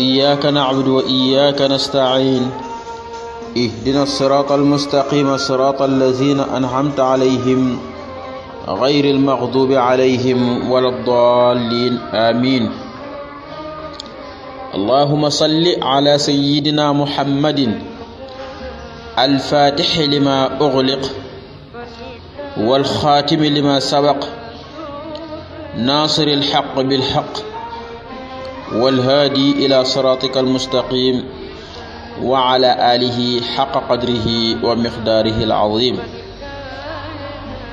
إياك نعبد وإياك نستعين اهدنا الصراط المستقيم صراط الذين أنعمت عليهم غير المغضوب عليهم ولا الضالين آمين اللهم صل على سيدنا محمد الفاتح لما أغلق والخاتم لما سبق ناصر الحق بالحق والهادي إلى صراطك المستقيم وعلى آله حق قدره ومقداره العظيم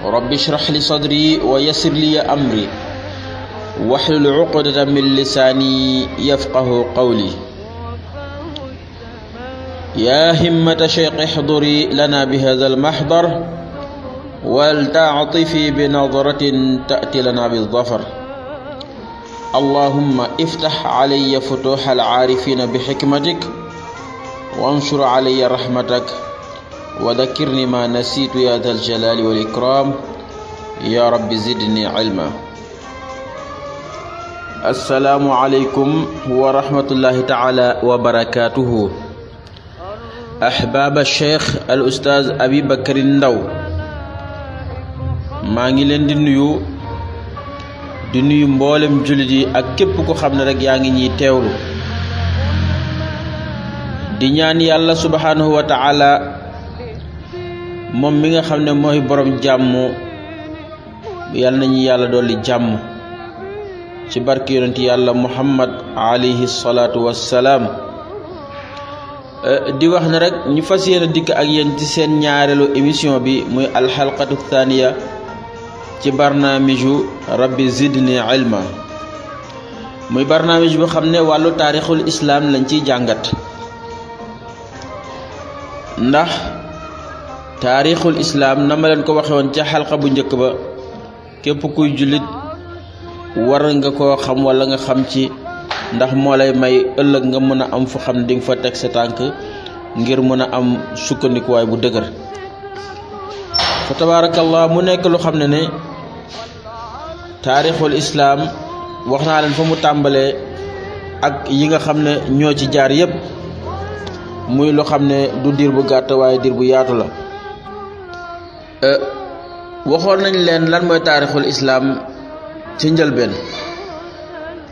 رب اشرح لي صدري ويسر لي أمري واحلل عقدة من لساني يفقه قولي يا همة شيخ احضري لنا بهذا المحضر ولتعطفي بنظرة تأتي لنا بالظفر اللهم افتح علي فتوح العارفين بحكمتك وانشر علي رحمتك وذكرني ما نسيت يا ذا الجلال والإكرام يا رب زدني علما السلام عليكم ورحمة الله تعالى وبركاته أحباب الشيخ الأستاذ أبي بكر النو ما نيلندي نيو di nuyu mbollem julit yi ak kep ko xamne rek yaangi ñi tewlu di ñaan yalla subhanahu wa ta'ala mom mi nga xamne moy mooy borom jàmm yalla nañu yalla doli jàmm ci barke yonent yalla muhammad alayhi salatu wassalam eh, di wax ne rek ñu fas dik ak yeen ci seen ñaarelu emission bi muy halqatu thaniya ci barnaamiju rabbi zidni ilma muy barnaamij bu xam ne wàllu taarixul islaam lañ ciy jàngat ndax taarixul islaam na ma leen ko waxe woon ca xalqa bu njëkk ba képp kuy jullit war nga koo xam wala nga xam ci ndax moo lay may ëllëg nga mën a am fu xam ne di nga fa teg sa tànk ngir mën a am sukkandikuwaay bu dëgër fa tabaarakallah mu nekk lu xam ne ne taarixul islaam wax naa leen fa mu tàmbalee ak yi nga xam ne ñoo ci jaar yépp muy lu xam ne du diir bu gàtt waaye diir bu yaatu la euh, waxoon nañ leen lan mooy taarixul islaam ci njëlbeen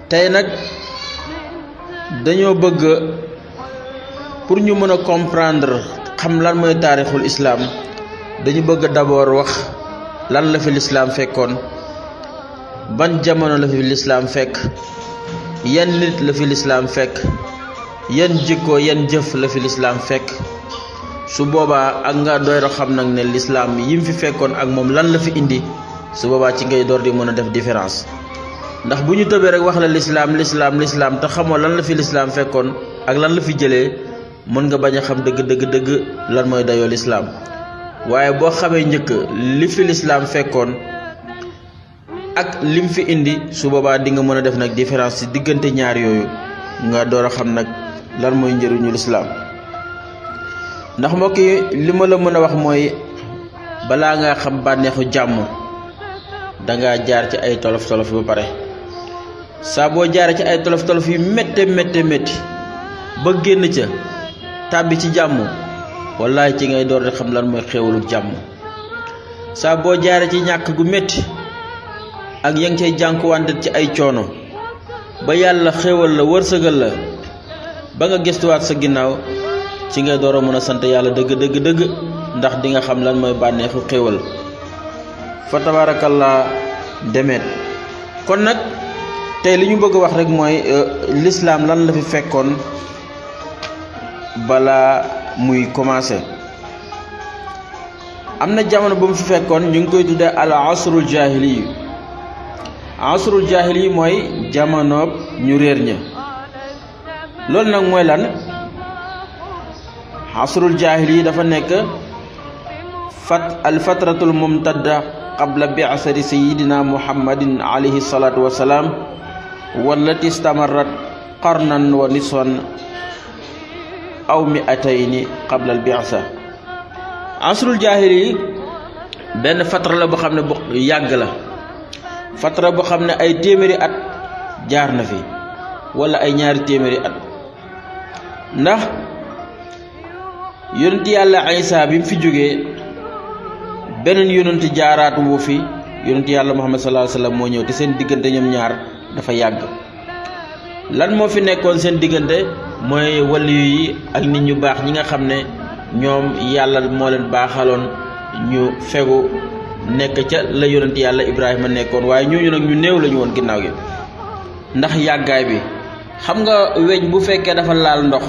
tey nag dañoo bëgg pour ñu mën a comprendre xam lan mooy taarixul islaam dañu bëgg d'abord wax lan la fi lislaam fekkoon ban jamono la fi l'islam fek yan nit la fi l'islam fek yan jikko yan jëf la fi l'islam fek su boba ak nga ro xam nak ne l'islam yim fi fekkon ak mom lan la fi indi su boba ci ngay dor di mën def différence ndax buñu ñu rek wax la l'islam l'islam l'islam ta xamo lan la fi l'islam fekkon ak lan la fi jëlee mën nga baña xam deug deug deug lan moy dayo l'islam waye bo xamé ñëk li fi l'islam fekkon ak lim fi indi su baba di nga mëna def nak différence ci digënté ñaar yoyu nga doora xam nak lan ñëru ñu l'islam ndax mbokk yi li ma la mëna wax moy bala nga xam jamm da nga jaar ci ay tolof tolof ba pare sa bo jaar ci ay tolof tolof yu metti metti metti ba génn ci tabbi ci jamm wallahi ci ngay door di xam lan moy xéewalu jamm sa bo jaar ci ñak gu metti ak yang cey jankuwante ci ay coono ba yalla xewal la wërsegal la ba nga wat sa ginnaw ci nga doro mëna sant yalla deug deug deug ndax di nga xam lan moy banexu xewal fa tabarakallah demet kon nak tay liñu bëgg wax rek moy euh, l'islam lan la fi fekkon bala muy commencer amna jamono bu mu fi fekkon ñu ngi koy al asrul jahiliyyah asrul jahili moy jamono ñu réer ña loolu nag lan asrul jahili dafa nek fat al fatratul mumtadda qabla bi'asri sayyidina muhammadin alayhi salatu wassalam wallati istamarrat qarnan wa nisan aw mi'atayn qabla al bi'sa asrul jahili ben fatra la bo xamne bu yag la fatra bo xamne ay téméré at jaar na fi wala ay ñaari téméré at ndax yoonte yalla aïssa bim fi joggé benen yoonte jaaraatu wo fi yoonte yalla Muhammad sallallahu alayhi Wasallam mo ñew te seen diggante ñom ñaar dafa yagg lan mo fi nekkon seen diggante moy waliyu yi ak nit ñu bax ñi nga xamne ñom yalla mo leen baxalon ñu fegu nek ca la yonent yàlla Ibrahim nekkoon waaye ñooñu nak ñu neew lañu won ginnaw gi ndax yàggaay bi xam nga weñ bu fekke dafa laal ndox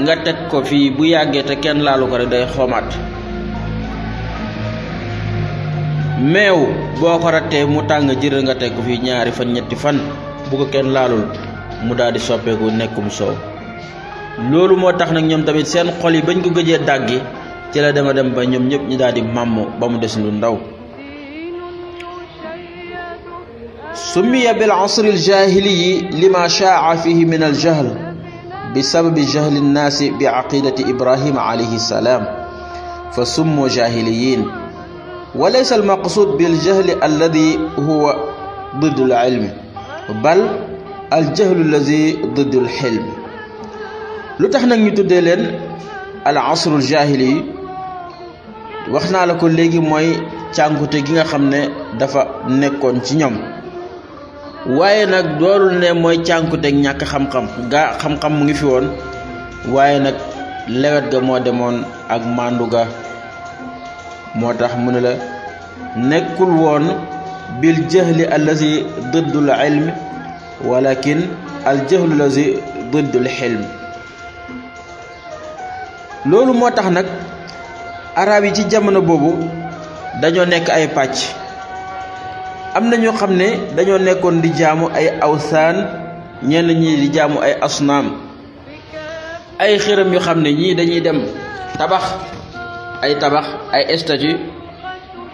nga tek ko fi bu yagge te kenn laalu ko rek day xomat meew boko raté mu tang jërë nga tek ko ñaari fan ñetti fan bu ko kenn laalul mu daal soppeku nekkum so lolu motax nak ñom tamit seen xol yi bañ ko gëjé daggi ci la dema dem ba ñoom ñëpp ñu daal di ba mu des lu ndaw سمي بالعصر الجاهلي لما شاع فيه من الجهل بسبب جهل الناس بعقيدة إبراهيم عليه السلام فسموا جاهليين وليس المقصود بالجهل الذي هو ضد العلم بل الجهل الذي ضد الحلم لتحنا نتدلن العصر الجاهلي wax naa la ko léegi mooy càngute gi nga xam ne dafa nekkoon ci ñoom waaye nag doolul ne mooy cànkuteeg ñàkk xam-xam gaa xam-xam mu ngi fi woon waaye nag lewet ga moo demoon ak màndu ga moo tax mu la nekkul woon bil jahli allazi diddul ilm walakin al jahlu allazi diddul xilm loolu moo tax nag arab yi ci jamono boobu dañoo nekk ay pàcc am na ñoo xam ne dañoo nekkoon di jaamu ay awsaan ñenn ñi di jaamu ay asnaam ay xërëm yoo xam ne ñii dañuy dem tabax ay tabax ay statue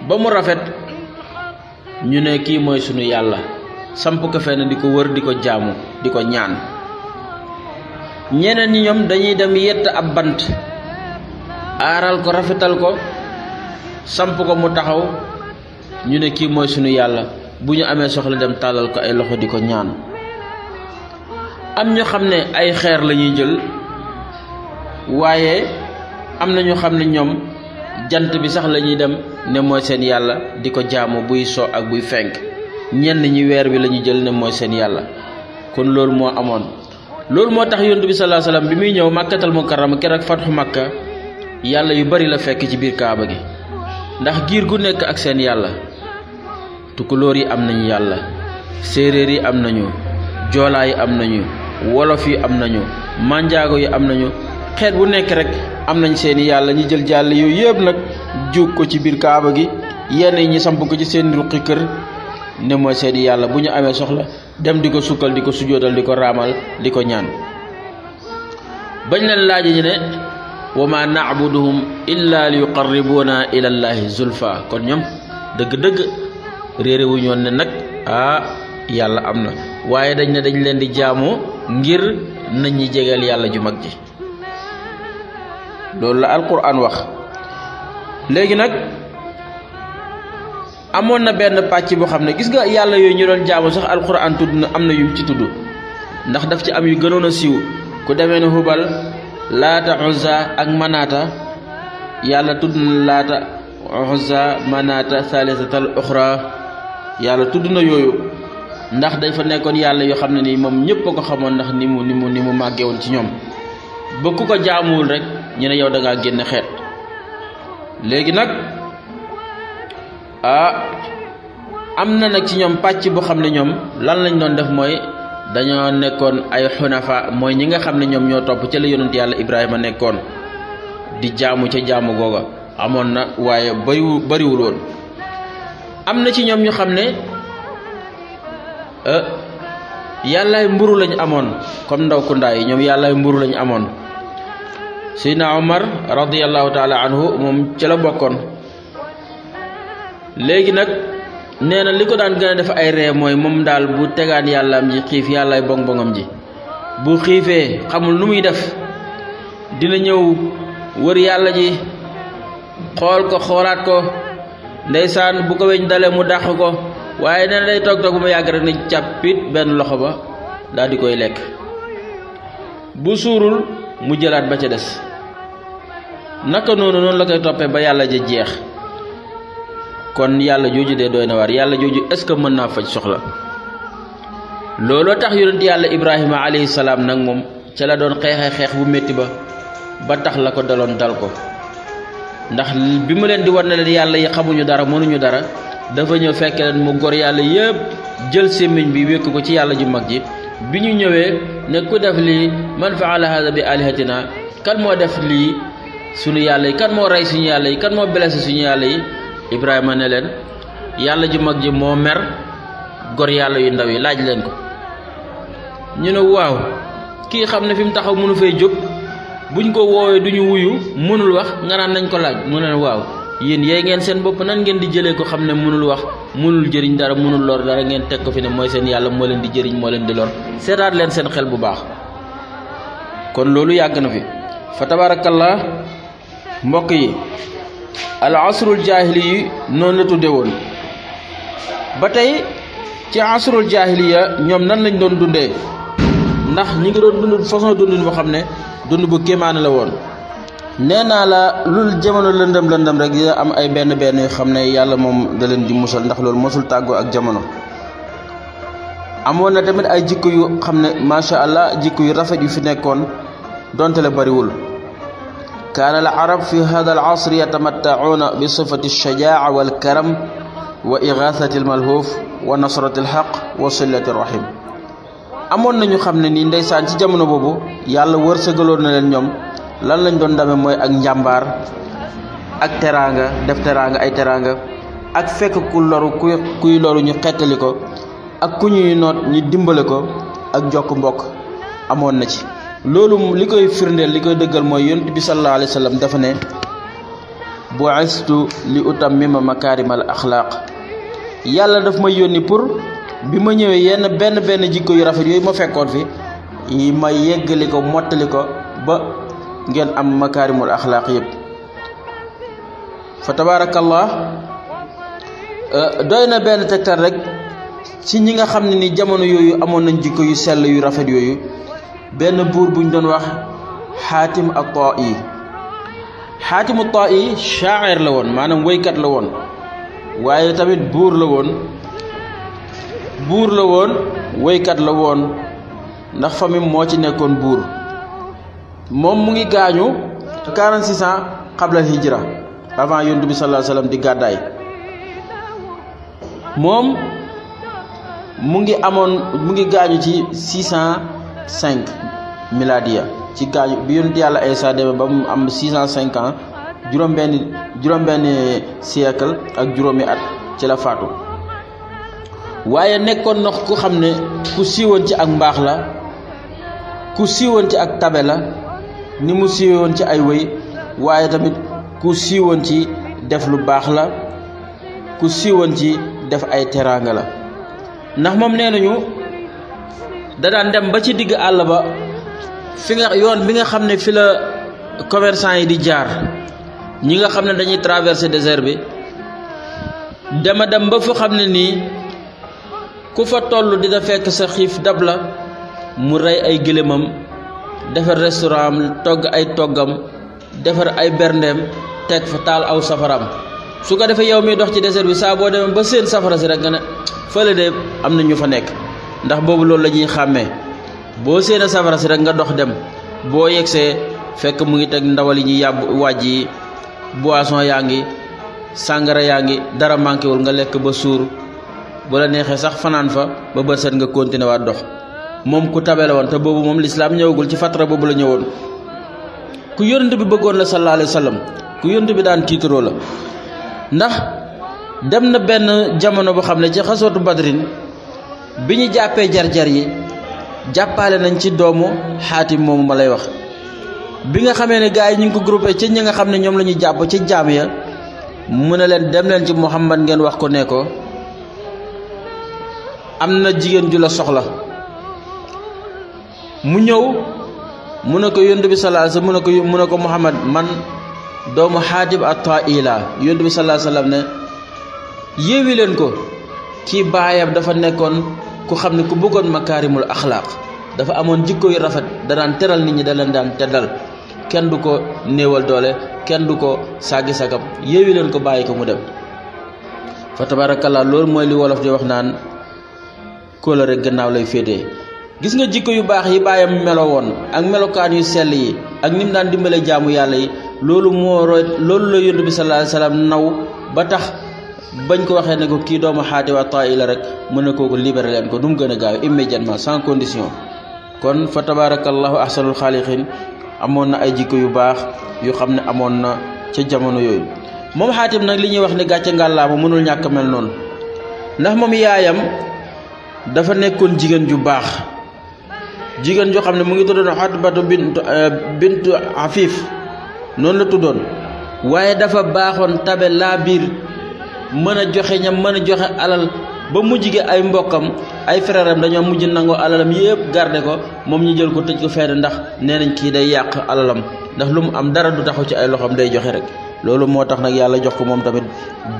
ba mu rafet ñu ne kii mooy sunu yàlla samp ko fenn di ko wër di ko jaamu di ko ñaan ñeneen ñi ñoom dañuy dem yett ab bant Aral ko rafetal ko samp ko mu taxaw ñu ne ki moy suñu yalla bu ñu amé soxla dem talal ko ay loxo diko ñaan am ñu xam ay xeer lañuy jël waaye am na ñu xam jant bi sax lañuy dem ne moy seen yalla diko jaamu buy so ak buy fenk ñen ñi wër bi jël ne moy seen yalla kon lool mo lool tax bi alayhi wasallam bi mi ñew mukarrama kerek fathu makkah yàlla yu bari la fekk ci biir kaaba gi ndax giir gu nekk ak seen yàlla tukulóor yi am nañu yàlla séeréer yi am nañu joolaa yi am nañu wolof yi am nañu manjaago yi am nañu xeet bu nekk rek am nañ seeni yàlla ñi jël jàll yooyu yëpp nag juug ko ci biir kaaba gi yenn yi ñi samp ko ci seen ruqi kër ne mooy seen yàlla bu ñu amee soxla dem di ko sukkal di ko sujjóotal di ko raamal di ko ñaan bañ leen laaj ñu ne wa ma nacbuduhum illa li yuqarribuuna ila llahi zulfa kon ñoom dëgg-dëgg réeré ñoon ne nag ah yàlla am na waaye dañ ne dañ leen di jaamoo ngir nañ ñi jegeel yàlla ju mag ji loolu la alquran wax léegi nag amoon na benn pàcc boo xam ne gis nga yàlla yooyu ñu doon jaamu sax alquran tudd na am na yum ci tudd ndax daf ci am yu gënoon siiw ku demee ne hubal laata Uzza ak manaata yàlla tudd na laata Uzza manaata saalisatal uxra yàlla tudd na yooyu ndax dañ fa nekkoon yàlla yoo xam ne nii moom ñëpp a ko xamoon ndax ni mu ni mu ni mu màggee ci ñoom bokk ko jaamuwul rek ñu yow da ngaa génn xeet léegi nag ah am na nag ci ñoom pàcc boo xam ne ñoom lan lañ doon def mooy. dañoo nekkoon ay xunafa mooy ñi nga xam ne ñoom ñoo topp ca la yonent yàlla Ibrahima nekkoon di jaamu ca jaamu googa amoon na waaye bayu bariwuloon am na ci ñoom ñu xam ne euh, yàllaay mburu lañ amoon comme ndaw ku ndaay ñoom yàllaay mburu lañ amoon Seydina Omar radiyallahu taala moom ci la bokkoon léegi nag nee na li ko daan gën def ay ree mooy moom daal bu tegaan yàllaam ji xiif yàllaay bong-bongam ji bu xiifee xamul nu muy def dina ñëw wër yàlla ji xool ko xoolaat ko ndeysaan bu ko weñ dalee mu dàq ko waaye nee na day toog toog mu yàgg rek ne benn loxo ba daldi koy lekk bu suurul mu jëlaat ba ca des naka noonu noonu la koy toppee ba yàlla ja jeex kon yalla joju de doyna war yalla joju est ce meuna mën faj soxla lolo tax yoonent yalla ibrahim alayhi salam nak mom ci la don xeexee xex bu metti ba ba tax la ko dalon dal ko ndax bima len di war len yalla yi xamuñu dara mënuñu dara dafa ñew fekke len mu gor yalla yeb jël semign bi wekk ko ci yalla ju mag biñu ñewé ne ku def li man faala hadha bi alihatina kan mo def li sunu yalla kan mo ray suñu yalla kan mo blessé suñu yalla Ibrahima ne leen yàlla ju mag ji moo mer gor yàlla yu ndaw yi laaj leen ko ñu ne waaw kii xam ne fi mu taxaw mënu fay jóg buñ ko woowee du ñu wuyu mënul wax nga naan nañ ko laaj mu ne waaw yéen yee ngeen seen bopp nan ngeen di jëlee ko xam ne mënul wax mënul jëriñ dara mënul lor dara ngeen teg ko fi ne mooy seen yàlla moo leen di jëriñ moo leen di lor seetaat leen seen xel bu baax kon loolu yàgg na fi fa tabarakallah mbokk yi al asrul jaahili yi noonu la tudde woon ba tey ci asrul jaahiliya ñoom nan lañ doon dundee ndax ñi ngi doon dund façon dundin boo xam ne dund bu kéemaane la woon nee naa la lu jamono lëndëm lëndëm rek dina am ay benn benn yoo xam ne yàlla moom da leen di musal ndax loolu mosul tàggoo ak jamono amoon na tamit ay jikko yu xam ne macha allah jikko yu rafet yu fi nekkoon donte la bariwul kaana al arab fi hada al asr yatamattacuuna bi sifati alshajaaca walkaram wa igaasati almalhuuf wa nasrati alxaq wa silati rahim amoon nañu xam ne nii ndeysaan ci jamono boobu yàlla wërsëgaloon na leen ñoom lan lañ doon dame mooy ak njàmbaar ak teraanga def teraanga ay teraanga ak fekk ku loru kuy kuy loru ñu xettali ko ak ku ñuy noot ñu dimbale ko ak jokk mbokk amoon na ci loolu li koy firnde li koy dëggal mooy yonent bi sallallahu alayhi wa sallam dafa ne bu'istu li utammima makaarimal axlaaq yàlla daf may yónni pour bi ma ñëwee yenn benn benn jikko yu rafet yooyu ma fekkoon fi yi ma yeggali ko mottali ko ba ngeen am makaarimul axlaaq yëpp fa tabaarakallah euh, doy na benn tegtal rekk ci ñi nga xam ne ni jamono yooyu amoon nañ jikko yu sell yu rafet yooyu benn buur buñ doon wax xaatim at-Taa'i xaatim at-Taa'i shaa'ir la woon maanaam woykat la woon waaye tamit buur la woon buur la woon woykat la woon ndax famille moo ci nekkoon buur moom mu ngi gaañu 46 ans xabla hijra avant yonent bi sallallahu alayhi wasallam di gàddaay moom mu ngi amoon mu ngi gaañu ci 600. cinq miladiya ci gaañu bi yonent yàlla Aysa demee ba mu am six cent cinq ans juróom-benni juróom ak juróomi at ci la faatu waaye nekkoon na ku xam ne ku siiwoon ci ak mbaax la ku siiwoon ci ak tabe la ni mu siiwoon ci ay wéy waaye tamit ku siiwoon ci def lu baax la ku siiwoon ci def ay teraanga la ndax moom nee nañu da daan dem ba ci digg àll ba fi nga yoon bi nga xamne fi la commerçant yi di jaar ñi nga xamne dañuy traverser désert bi dama dem ba fu xamne ni ku fa di da fekk sa xif dabla mu ray ay gelemam defar restaurant tog togg ay toggam defar ay berndem tek fa taal aw safaram su ko defee yow mi dox ci désert bi sa bo dem ba seen safara si rek nga ne de amna ñu fa nekk ndax boobu loolu la ñuy xàmmee boo séenee safara si rek nga dox dem boo yegsee fekk mu ngi teg ndawal yi ñuy yàbb wàjj yi boisson yaa ngi sàngara yaa ngi dara manqué wul nga lekk ba suur bu la neexee sax fanaan fa ba bët set nga continuer waat dox moom ku tabele woon te boobu moom lislaam ñëwagul ci fatra boobu la ñëwoon ku yonent bi bëggoon la sallallahu alayhi wa sallam ku yonent bi daan tiitaroo la ndax dem na benn jamono boo xam ne ci xasootu badrin biñu jappé jar-jar yi jappalé nañ ci doomu hatim mom ma lay wax bi nga xamé né gaay ñing ko groupé ci ñinga xamné ñom lañu japp ci jamm ya mëna dem leen ci Muhammad ngeen wax ko né ko amna jigen ju la soxla mu ñew mu ne ko yondu bi mu ne ko Muhammad man doomu hadib at taila yundu yondu bi salaa wasallam ne yewi len ko ki bayam dafa nekkon ku xam ku bëggon makarimul akhlaq dafa amon jikko yu rafet nan teral nit ñi da terdal, daan teddal kenn duko neewal doole kenn duko ko sagam ko bayiko mu dem fa tabarakallah lool moy li wolof di wax naan la rek gannaaw lay fété gis nga jikko yu bax yi bayam melo won ak melokaan yu sel yi ak nim daan dimbalé jaamu yalla yi loolu mo roy loolu la yontu bi sallallahu alayhi wasallam naw ba tax bagn ko waxee ne ko ki doomu xaadi wa ta'ila rek mu ko ko libéré leen ko dum gëna gaaw immédiatement sans condition kon fa tabarakallahu ahsanul khaliqin amon na ay jikko yu bax yu xam ne na ci jamono yoy mom xaatim nak liñuy wax wax gatcha ngalla mo mënul ñak mel non ndax mom yaayam dafa nekkon jigen ju bax jigen joo xam mu ngi tuddoon hadbatu bint bintu eh, afif non la tudon waye dafa baaxoon tabe labir. mën a joxe ñam mën a joxe alal ba mujj gi ay mbokkam ay frèram dañoo mujj nangoo alalam yëpp garde ko moom ñu jël ko tëj ko fenn ndax nee nañ kii day yàq alalam ndax lu mu am dara du taxu ci ay loxoom day joxe rek loolu moo tax nag yàlla jox ko moom tamit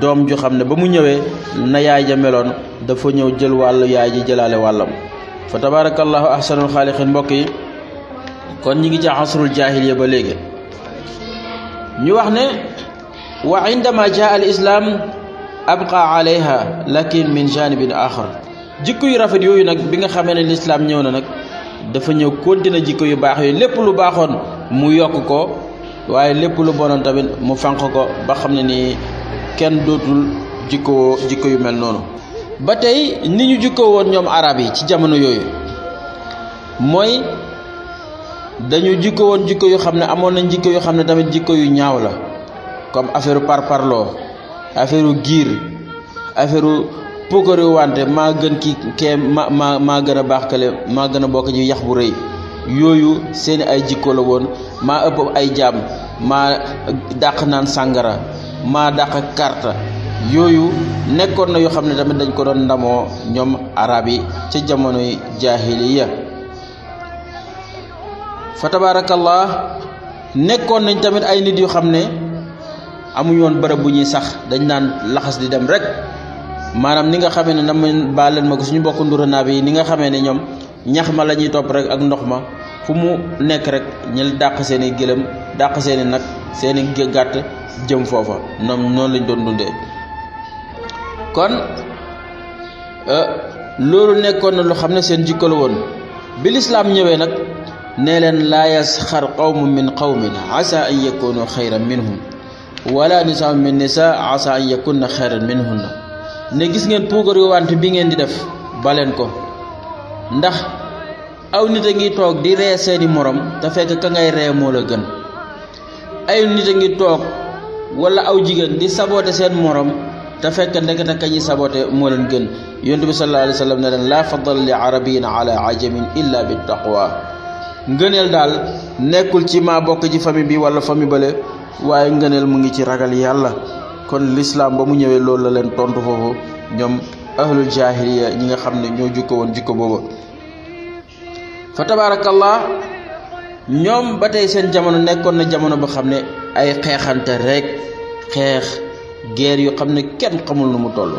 doom ju xam ne ba mu ñëwee na yaay ja meloon dafa ñëw jël wàllu yaay ji jëlaale wàllam fa tabarakallahu ahsanul xaaliqin mbokk yi kon ñi ngi ci asrul jaahiliya ba léegi ñu wax ne wa indama abqa alayha lakin bi janibin axar jikko yu rafet yooyu nag bi nga xamee ne lislaam ñëw na nag dafa ñëw continuer jikko yu baax yooyu lépp lu baaxoon mu yokk ko waaye lépp lu bonoon tamit mu fanq ko ba xam ne nii kenn dootul jikko jikko yu mel noonu ba tey ni ñu jikko woon ñoom arab yi ci jamono yooyu mooy dañu jikko woon jikko yu xam ne amoon nañ jikko yu xam ne tamit jikko yu ñaaw la comme affaire parparloo affaire giir affaire pukkari wante maa gën ki kee ma maa gën a baax kale maa gën a bokk ci yax bu rëy yooyu seeni ay jikko la woon maa ëpp ay jaam maa dàq naan sàngara maa dàq karta yooyu nekkoon na yoo xam ne tamit dañ ko doon ndamoo ñoom arab yi ca jamonoy jaahiliya fa tabaarakallah nekkoon nañ tamit ay nit yu xam ne amuñ won barab bu ñuy sax dañ naan laxas di dem rek manam ni nga xamé ne nam baaleen ma ko suñu bokk nduranaa bi ni nga xamé ne ñom ñax ma lañuy top rek ak ndox ma fu mu nekk rek ñu dàq seeni i gëlëm seeni nak seeni jëm fofa nam non lañ doon dundé kon euh, loolu nekkon na lu xam seen jikko la woon bi lislaam ñëwee nag nee la laa yasxar min qawmin asa an yakunu khayran minhum wala nisaa min nisaa asa an yakunna xayran minhunna ne gis ngeen puugar want bi ngeen di def baleen ko ndax aw nit a ngi toog di ree seeni morom te fekk ka ngay ree moo la gën ay nit a ngi toog wala aw jigéen di saboote seen morom te fekk a ka ñi saboote moo leen gën yonent bi sallallahu alayhi wa sallam ne leen laa fadala li arabiyin ala ajamin illa bi taqwa ngëneel daal nekkul ci maa bokk ci famille bi wala famille bële waaye ngëneel mu ngi ci ragal yàlla kon lislaam ba mu ñëwee loolu la leen tontu foofu ñoom ahlul jahiliya ñi nga xam ne ñoo jukko woon jukko boobu fa tabaarakallah ñoom ba tey seen jamono nekkoon na jamono ba xam ne ay xeexante rekk xeex ger yu xam ne kenn xamul nu mu toll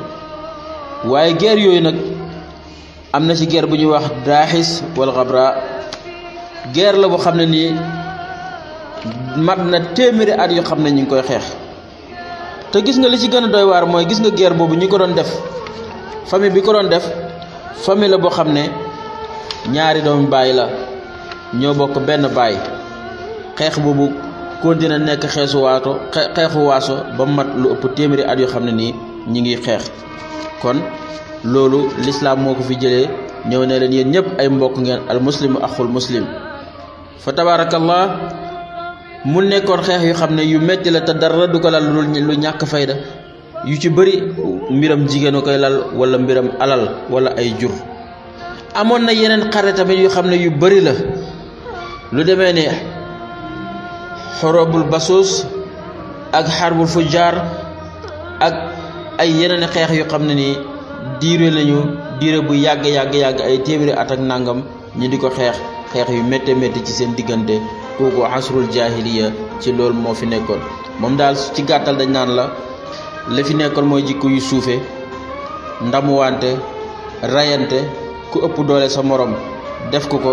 waaye ger yooyu nag am na ci ger bu ñuy wax daaxis wala xabra guerre la boo xam ne nii mat na téeméeri at yoo xam ne ñu ngi koy xeex te gis nga li ci gën a doy waar mooy gis nga geer boobu ñi ko doon def famille bi ko doon def famille la boo xam ne ñaari doomu baay la ñoo bokk benn baay xeex boobu dina nekk xeesu waato xeexu waaso ba mat lu ëpp téeméeri at yoo xam ne nii ñu ngi xeex kon loolu lislaam moo ko fi jëlee ñëw ne leen yéen ñëpp ay mbokk ngeen al muslim axul muslim fa tabarakallah mu nekkoon xeex yu xam ne yu metti la te dara du ko lal lu ñàkk fayda yu ci bari mbiram jigéen koy lal wala mbiram alal wala ay jur amoon na yeneen xare tamit yu xam ne yu bari la lu deme ne xorobul basuus ak xarbul fujjaar ak ay yeneen xeex yu xam ne ni diire lañu diire bu yàgg yàgg yàgg ay téeméeri at ak nangam ñu di ko xeex xeex yu métte métti ci seen diggante kooku asrul jahiliya ci loolu moo fi nekkoon moom daal ci gàttal dañu naan la li fi nekkoon mooy jikko yu suufe ndamuwante rayante ku ëpp doole sa morom def ko ko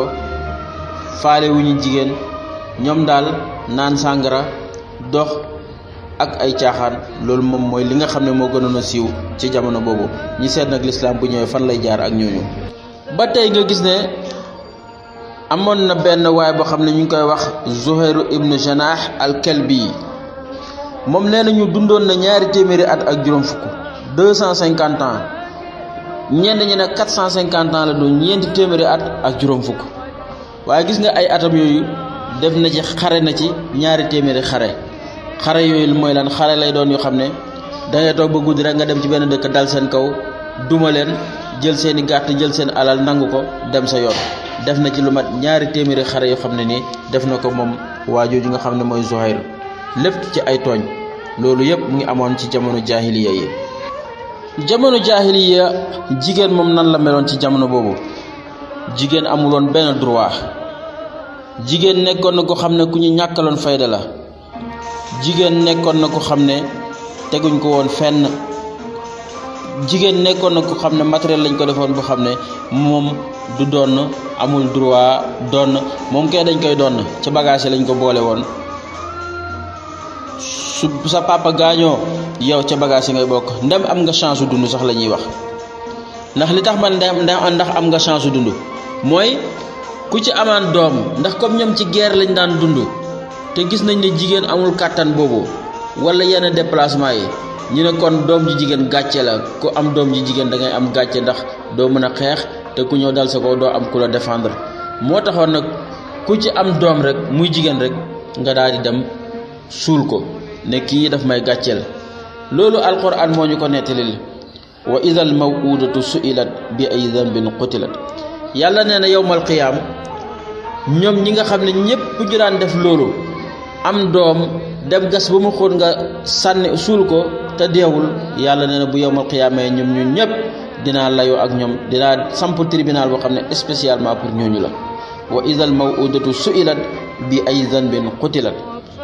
faale wu ñu jigéen ñoom daal naan sàngara dox ak ay caaxaan loolu moom mooy li nga xam ne moo gënoon a siiw ci jamono boobu ñi seet nag lislaam bu ñëwee fan lay jaar ak ñooñu ba tey nga gis ne amoon na benn waay boo xam ne ñu ngi koy wax Zuhayru ibnu Janaax al-Kalbi yi moom nee nañu dundoon na ñaari téeméeri at ak juróom fukk cent cinquante ans ñenn ñi ne quatre cent cinquante ans la doon ñeenti téeméeri at ak juróom fukk waaye gis nga ay atam yooyu def na ci xare na ci ñaari téeméeri xare xare yooyu mooy lan xare lay doon yoo xam ne dangay toog ba guddi rek nga dem ci benn dëkk dal seen kaw duma leen jël seeni gàtt jël seen alal nangu ko dem sa yoon def na ci lu mat ñaari téeméeri xare yoo xam ne ni def na ko moom waa jooju nga xam ne mooy Zuhayr lépp ci ay tooñ loolu yëpp mu ngi amoon ci jamono jaahiliya yi jamono jaahiliya jigéen moom nan la meloon ci jamono boobu jigéen amuloon benn droit jigéen nekkoon na ko xam ne ku ñu ñàkkaloon fayda la jigéen nekkoon na ko xam ne teguñ ko woon fenn jigéen nekkoon na ko xam ne matériel lañ ko defoon bu xam ne moom du amul droit don moom kay dañ koy donn ca bagage lañ ko boole woon su sa papa gaañoo yow ca bagage ngay bokk ndem am nga chance dund sax la ñuy wax ndax li tax man ndem ndax am nga chance dund mooy ku ci amaan doom ndax comme ñoom ci guerre lañ daan dund te gis nañ ne jigéen amul katan boobu wala yenn déplacement yi ñu ne kon doom ji jigéen gàcce la ku am doom ji jigéen da ngay am gàcce ndax doo mën a xeex te ku ñëw dal sa ko doo am ku defendre moo taxoon nag ku ci am doom rek muy jigéen rek nga daal di dem suul ko ne kii daf may gàcceel loolu alquran moo ñu ko nettalil wa idal mawudatu suilat bi ay zambin qutilat yàlla nee na yowmal qiyaam ñoom ñi nga xam ne ñépp ñu daan def loolu am doom dem gas bu mu xóot nga sànni usul ko ta deewul yàlla neena bu yowmal qiyaamee ñom ñun ñep dina layu ak ñom dina samp tribunal bo xamne spécialement pour ñooñu la wa idal mawudatu suilat bi ay zanbin qutilat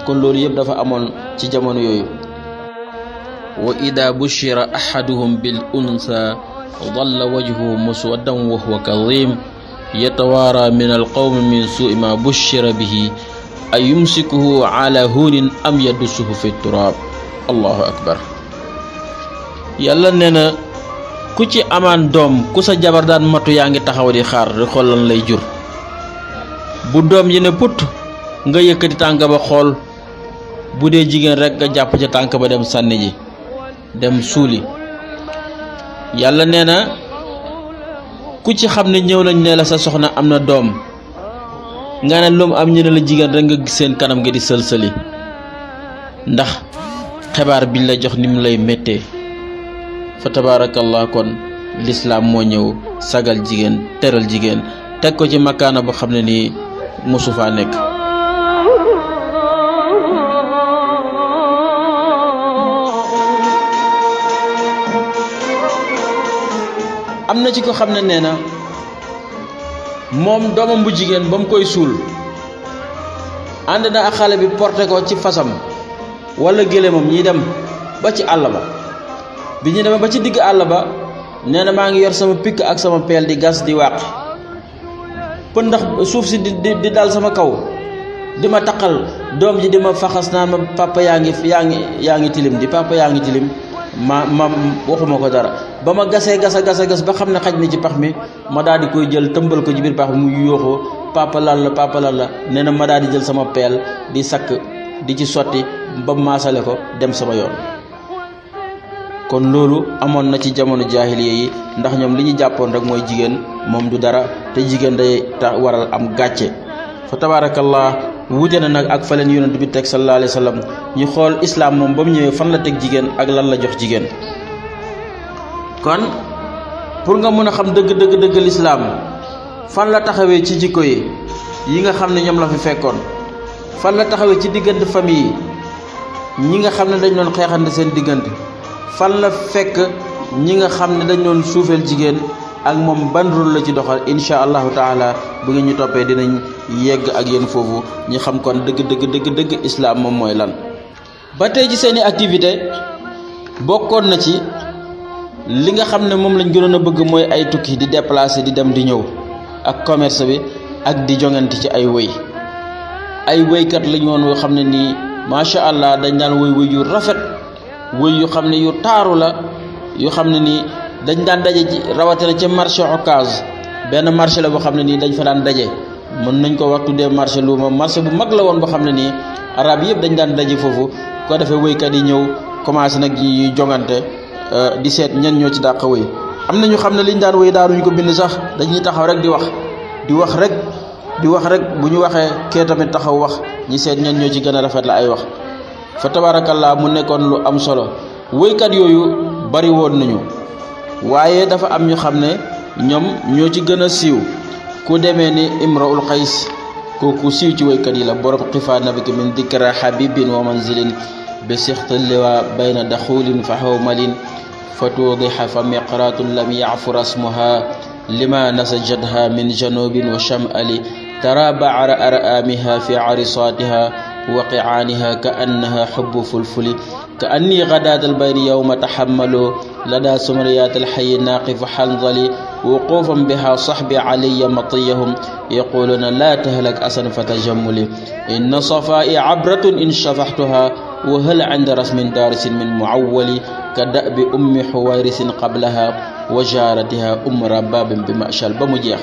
kon loolu yeb dafa amoon ci jamono yoyu wa idha bushira ahaduhum bil unsa dhalla wajhu muswaddan wa huwa kadhim yatawaara min alqawmi min suui ma bushira bihi ay yumsikuhu ala hunin am yaddusuhu fi turaab allahu akbar yàlla nee na ku ci amaan doom ku sa jabar daan matu yaa ngi taxaw di xaar di xool lan lay jur bu doom yi ne put nga yëkkati tànk ba xool bu dee jigéen rekk nga jàpp ca tànk ba dem sànni ji dem suuli yàlla nee na ku ci xam ne ñëw nañ ne la sa soxna am na doom nga ne lu mu am ñu ne la jigéen rek nga gis seen kanam nga di sëlsëli ndax xibaar biñ la jox ni mu lay mettee fa tabaarakallah kon lislaam moo ñëw sagal jigéen teral jigéen teg ko ci makkaana boo xam ne nii mosu faa nekk am na ci ko xam ne nee na mom doomam bu jigen bam koy sul and na ak xale bi porté ko ci fasam wala mom ñi dem ba ci àll ba bi ñi dem ba ci digg àll ba neena ma ngi yor sama pikk ak sama pel di gas di waq pe ndax suuf ci di di dal sama kaw di ma dom jadi ji di ma faxas naan ma papa yaangi yaangi yaangi tilim di papa yaangi tilim ma ma waxuma ko dara Bama gasa gasee gasa gasa ba xam ne ci pax mi ma daal di koy jël tëmbal ko ci bir pax mu yoxo papa la papa lal la na ma jël sama pel di sak di ci soti ba maasale ko dem sama yoon kon lolu amon na ci jamono jahiliya yi ndax ñom liñu jappon rek moy jigen mom du dara te jigen day ta waral am gatché fa tabarakallah wuute na nag ak fa len yoonu bi tek sallallahu alayhi wasallam ñu xol islam mom bam ñewé fan la tek jigen ak lan la jox jigen kon pour nga mën a xam dëgg dëgg dëgg lislaam fan la taxawee ci jikko yi yi nga xam ne ñoom la fi fekkoon fan la taxawee ci diggante famille yi ñi nga xam ne dañ doon xeexante seen diggante fan la fekk ñi nga xam ne dañ doon suufeel jigéen ak moom ban rôle la ci doxal incha allahu taala bu ngeen ñu toppee dinañ yegg ak yéen foofu ñu xam kon dëgg dëgg dëgg dëgg islaam moom mooy lan ba tey ci seeni activité bokkoon na ci li nga xamne mom lañu lañ gënoon bëgg moy ay tukki di déplacer di dem di ñëw ak commerce bi ak di jongante ci ay wëy ay kat lañu won wo xamne ni ma sha allah dañ daan wëy wëy yu rafet wëy yu xamne yu taru la yu xamne ni dañ dan dajé ci na ci marché Ocass ben marché la bo xamne ni dañ fa dan dajé mën nañ ko waxtu dé marché luma marché bu mag la won bo xamne ni arab yëpp dañ dan dajé fofu ko wëy kat di ñëw commencé nak yi jongante Euh, di seet ñan ñoo ci dàq wéy am na ñu xam ne liñ daan wéy daanuñu ko bind sax dañuy taxaw rek di wax di wax rek di wax rek bu ñu waxee kee tamit taxaw wax ñi seet ñan ñoo ci gën a rafet la ay wax fa tabaarakallaa mu nekkoon lu am solo wéykat yooyu bari woon nañu waaye dafa am ñu xam ne ñoom ñoo ci gën a siiw ku demee ni imraul xays kooku siiw ci wéykat yi la borom xifaa nabiki min dikra habibin wa manzilin بسخط اللواء بين دخول فحومل فتوضح فمقرات لم يعفر اسمها لما نسجتها من جنوب وشمال ترى بعر أرآمها في عرصاتها وقعانها كأنها حب فلفل كأني غداة البير يوم تحمل لدى سمريات الحي ناقف حنظلي وقوفا بها صحبي علي مطيهم يقولون لا تهلك أسا فتجملي إن صفائي عبرة إن شفحتها وهل عند رسم دارس من معول كدأب أم حوارس قبلها وجارتها أم رباب بمأشل بمجيخ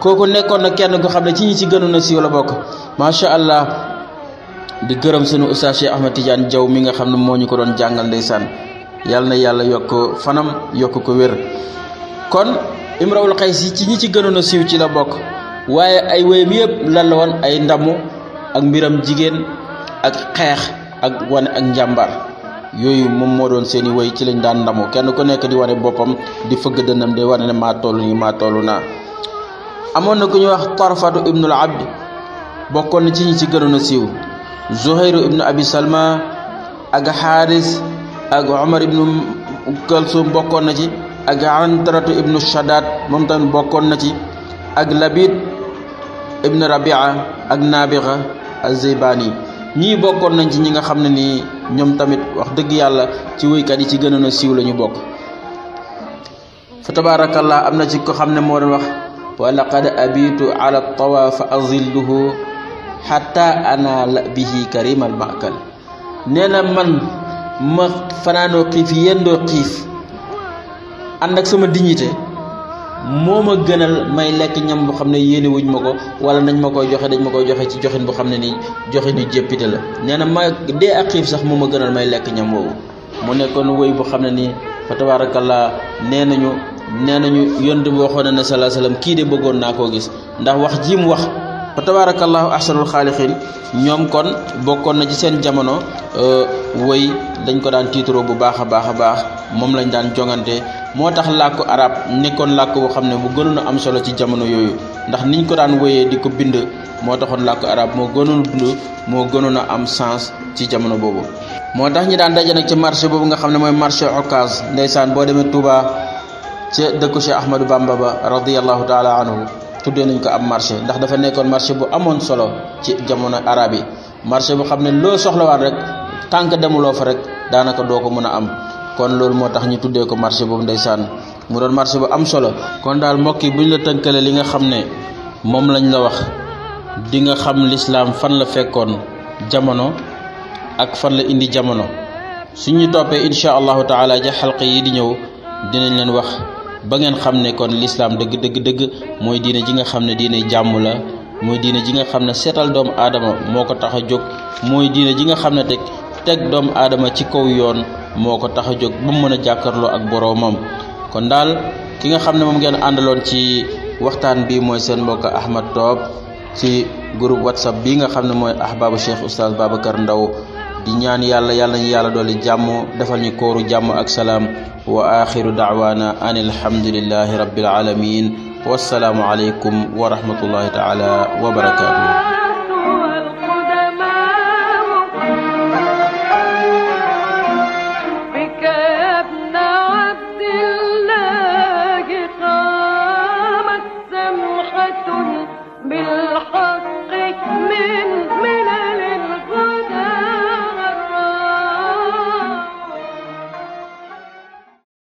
كوكو نيكو نكيان نكو ko تيني تيغنو ci ñi ci gënoon a siiw di gërëm sunu oustaz Cheikh Ahmed Tidiane jaw mi nga xamne ne ñu ko doon jangal ndeysaan yàlla na yàlla yokk fanam yok ko wër kon imraul xays ci ñi ci gënoon a siiw ci la bok waye ay wëyëm yëpp lan la won ay ndamu ak mbiram jigen ak xex ak wane ak njàmbaar yooyu moom moo doon seeni woy ci lañ daan ndamu kenn ku nekk di wane boppam di fëgg dënnam di wane ne maa toll nii maa toll naa amoon na ku ñuy wax tarfatu ibnul abdi bokkoon na ci ñi ci a siiw zuhayru ibnu abi salma ak xaaris ak omar ibnu kalsum bokkoon na ci ak antaratu ibnu shadaat moom tamit bokkoon na ci ak labid ibnu rabia ak nabixa ak zeybani ñii bokkoon nañ ci ñi nga xam ne nii ñoom tamit wax dëgg yàlla ci wéykat yi ci gënoon a siiw la bokk fa tabaarakallah am na ci ko xam ne moo doon wax wa laqad abitu ala tawa fa azilluhu xata anaala bihi karimal makal nee na man ma fanaanoo xiif yendoo xiif ànd ak sama dignité moo ma gënal may lekk ñam bu xam ne yéene wuñ ma ko wala nañ ma koy joxe dañ ma koy joxe ci joxin bu xam ne ni joxinu jéppite la nee na ma dee ak xiif sax moo ma gënal may lekk ñam woowu mu nekkoon wéy bu xam ne nii fa tabaarakallaa nee nañu nee nañu yonent bi waxoon na ne salaa salaam kii de bëggoon naa koo gis ndax wax ji mu wax fa tabaarakallaahu ahsanul xaaliqiin ñoom kon bokkoon na ci seen jamono euh, wéy dañ ko daan tiitaroo bu baax a baax a baax moom lañ daan jongante moo tax làkku arab nekkoon làkk boo xam ne bu gënoon a am solo ci jamono yooyu ndax niñ ko daan woyee di ko bind moo taxoon làkku arab moo gënoon dund moo gënoon a am sens ci jamono boobu. moo tax ñi daan daje nag ci marché boobu nga xam ne mooy marché Ocass ndeysaan boo demee Touba ca dëkku Cheikh Ahmadou Bamba ba radiyallahu taala anhu tuddee nañ ko am marché ndax dafa nekkoon marché bu amoon solo ci jamono arab yi marché bu xam ne loo soxlawaan rek tànk demuloo fa rek daanaka doo ko mën a am. kon loolu moo tax ñu tuddee ko marché boobu ndeysaan mu doon marché bu am solo kon daal mbokk yi bu ñu la tënkalee li nga xam ne moom lañ la wax di nga xam lislaam fan la fekkoon jamono ak fan la indi jamono suñu toppee incha allahu taala ja xalqa yi di ñëw dinañ leen wax ba ngeen xam ne kon lislaam dëgg dëgg dëgg mooy diine ji nga xam ne diine jàmm la mooy diine ji nga xam ne seetal doomu aadama moo ko tax a jóg mooy diine ji nga xam ne teg teg doomu aadama ci kaw yoon moo ko tax a jóg ba mu mën a jàkkaarloo ak boroomam kon daal ki nga xam ne moom ngeen àndaloon ci waxtaan bi mooy seen mbokk Ahmad Top ci groupe whatsapp bi nga xam ne mooy ahbaabu cheikh oustaz Babacar Ndaw di ñaan yàlla yàlla ñu yàlla dooli jàmm defal ñu kooru jàmm ak salaam wa axiru daawaana an alhamdulillahi rabbil alamin wassalaamu aleykum wa rahmatullahi taala wa barakaatu